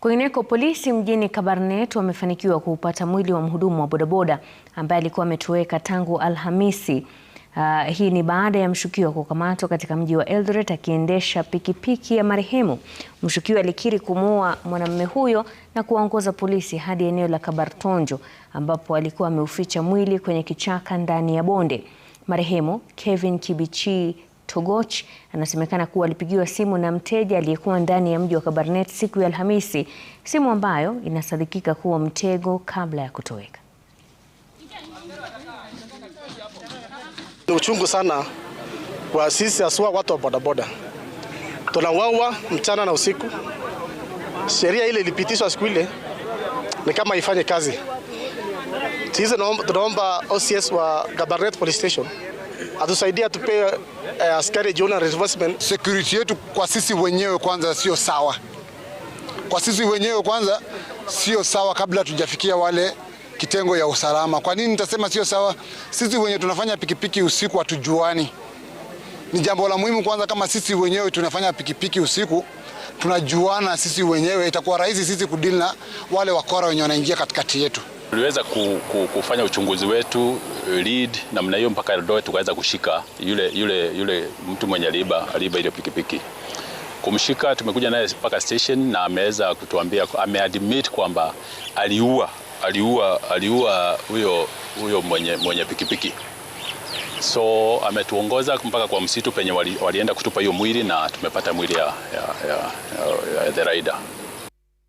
Kwingineko, polisi mjini Kabarnet wamefanikiwa kuupata mwili wa mhudumu wa bodaboda ambaye alikuwa ametoweka tangu Alhamisi. Uh, hii ni baada ya mshukiwa kukamatwa katika mji wa Eldoret akiendesha pikipiki ya marehemu. Mshukiwa alikiri kumuua mwanamume huyo na kuwaongoza polisi hadi eneo la Kabartonjo ambapo alikuwa ameuficha mwili kwenye kichaka ndani ya bonde. Marehemu Kevin Kibichi Togoch anasemekana kuwa alipigiwa simu na mteja aliyekuwa ndani ya mji wa Kabarnet siku ya Alhamisi, simu ambayo inasadikika kuwa mtego kabla ya kutoweka. Ni uchungu sana kwa sisi haswa watu wa bodaboda, tunawawa mchana na usiku. Sheria ile ilipitishwa siku ile ni kama ifanye kazi. Sisi tunaomba OCS wa Kabarnet Police Station atusaidia tupe eh, askari jiona reinforcement. Security yetu kwa sisi wenyewe kwanza sio sawa, kwa sisi wenyewe kwanza sio sawa, kabla tujafikia wale kitengo ya usalama. Kwa nini nitasema sio sawa? Sisi wenyewe tunafanya pikipiki usiku, hatujuani. Ni jambo la muhimu kwanza, kama sisi wenyewe tunafanya pikipiki usiku tunajuana sisi wenyewe, itakuwa rahisi sisi kudili na wale wakora wenye wanaingia katikati yetu. Tuliweza kufanya uchunguzi wetu eh, lead namna hiyo mpaka Eldoret tukaweza kushika yule, yule, yule mtu mwenye aliiba aliiba ile pikipiki. Kumshika tumekuja naye mpaka station na ameweza kutuambia, ameadmit kwamba aliua aliua aliua huyo huyo mwenye, mwenye pikipiki. So ametuongoza mpaka kwa msitu penye wali, walienda kutupa hiyo mwili na tumepata mwili ya, ya, ya, ya, ya the rider.